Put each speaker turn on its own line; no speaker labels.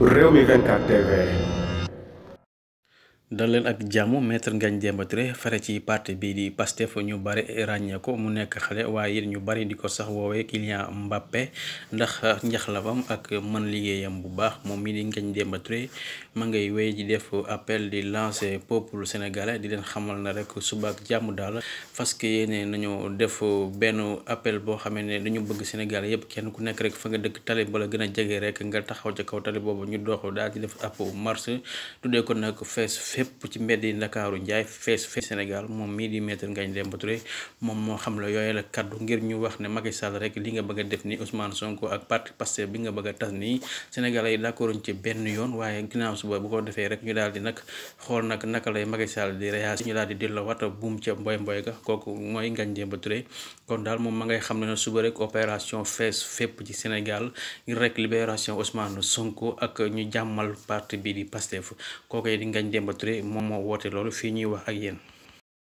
Rewmi 24
TV dal ak jamu maître Ngagne Demba Touré fare ci parti bi di Pastef ñu bari ràññee ko mu nekk xalé waye ñu bari di sax wowe client Mbappé ndax bam ak man liggéeyam bu baax mom mi di Ngagne Demba Touré ma ngay wéy di def appel di lancer peuple sénégalais di len xamal na rek suba ak jamu dal parce que yene nañu def ben appel bo xamé né dañu bëgg Sénégal yépp kenn ku nekk rek fa nga dëkk talé bala gëna jëgé rek nga taxaw ci kaw talé bobu ñu doxu dal di def ab marché tudé ko nak fees fépp ci mbedd yi ndakaaru njaay fees fees sénégal moom mii di maître dem Demba Touré moom moo xam la yooye la kaddu ngir ñu wax ne Macky Sall rek li nga bëgg a def ni Ousmane Sonko ak parti pasteur bi nga bëgg a tas nii sénégalais yi d'accorduñ ci benn yoon waaye ginnaaw suba bu ko defee rek ñu daal di nag xool nag naka lay Macky Sall di réagi ñu daal di delloo wata buum ca mboy mboy ga kooku mooy dem Demba Touré kon daal moom ma ngay xam ne suba rek opération fees fépp ci sénégal ngir rek libération Ousmane Sonko ak ñu jàmmal parti bi di Pastef kooku di Ngagne dem Touré Touré moom woote loolu fii ñuy wax ak yéen.